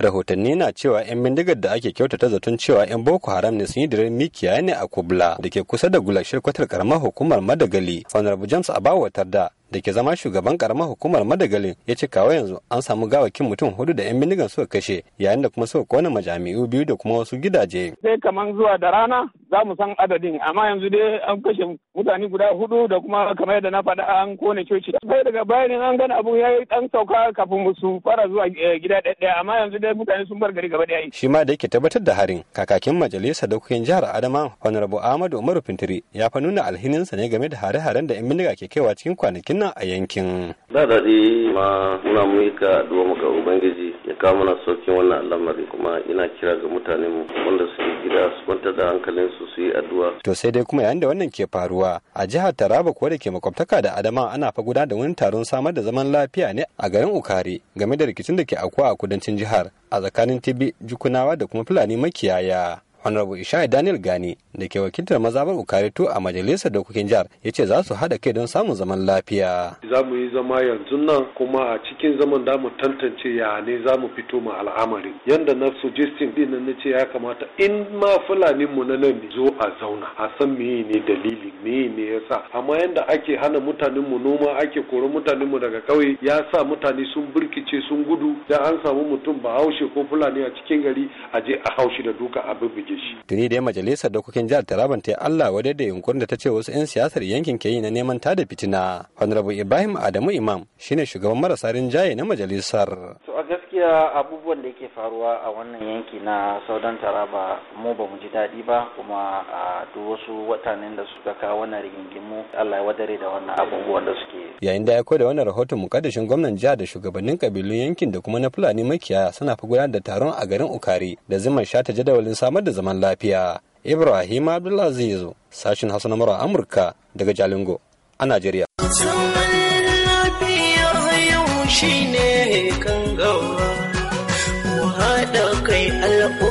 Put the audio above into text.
rahotanni na cewa 'yan bindigar da ake kyautata zaton cewa 'yan boko haram ne sun yi diren mikiya ne a kubla da ke kusa da gula kwatar karamar hukumar madagali honorable james abawa tarda da ke zama shugaban karamar hukumar madagali ya ce kawo yanzu an samu gawakin mutum hudu da 'yan bindigar suka kashe yayin da kuma suka kona majami'u biyu da kuma wasu gidaje sai kamar zuwa da rana za mu san adadin amma yanzu dai an kashe mutane guda hudu da kuma kamar yadda na faɗa an kone coci sai daga bayanin an gana abu ya yi ɗan sauka kafin su fara zuwa eh, gida ɗaya amma yanzu dai mutane sun bar gari gaba ɗaya shi ma da yake tabbatar da harin kakakin majalisar dokokin jihar adama honorable ahmadu umaru fintiri ya fa nuna sa ne game da hare-haren da 'yan bindiga ke kaiwa cikin kwanakin nan a yankin da daɗi ma muna muka addu'a ga ubangiji ya kawo mana saukin wannan al'amari kuma ina kira ga mutanen wanda suke gida su kwanta da hankalin su yi addu'a. To sai dai kuma yayin da wannan ke faruwa a jihar Taraba kuwa da ke makwabtaka da Adama ana fa gudanar da wani taron samar da zaman lafiya ne a garin Ukare game da rikicin da ke akuwa a kudancin jihar a tsakanin Tibi Jukunawa da kuma Fulani makiyaya. honorable ishaya daniel gani da ke wakiltar mazabar ukarito a majalisar dokokin jihar ya ce za su haɗa kai don samun zaman lafiya za mu yi zama yanzu nan kuma a cikin zaman da mu tantance ya ne za mu fito ma al'amarin yanda na suggesting din na ce ya kamata in ma fulani mu na nan zo a zauna a san me ne dalili me ne yasa amma yanda ake hana mutanen mu noma ake koro mutanen mu daga kauye ya sa mutane sun birkice sun gudu da an samu mutum ba haushe ko fulani a cikin gari a je a haushi da duka a bibbige soke shi. Tuni da majalisar dokokin jihar Taraban ta Allah wadai da yunkurin da ta ce wasu 'yan siyasar yankin ke yi na neman da fitina. Honorable Ibrahim Adamu Imam shine shugaban marasa rinjaye na majalisar. gaskiya abubuwan da yake faruwa a wannan yanki na saudan taraba mu ba mu ji daɗi ba kuma a duk wasu watanen da suka kawo wannan rigingimu allah ya wadare da wannan abubuwan da suke yayin da ya da wannan rahoton mukaddashin gwamnan jihar da shugabannin kabilun yankin da kuma na fulani makiyaya suna fi gudanar da taron a garin ukari da zimmar shata jadawalin samar da zaman lafiya ibrahim abdulaziz sashin hausa na mura amurka daga jalingo a najeriya shine kan gawa mai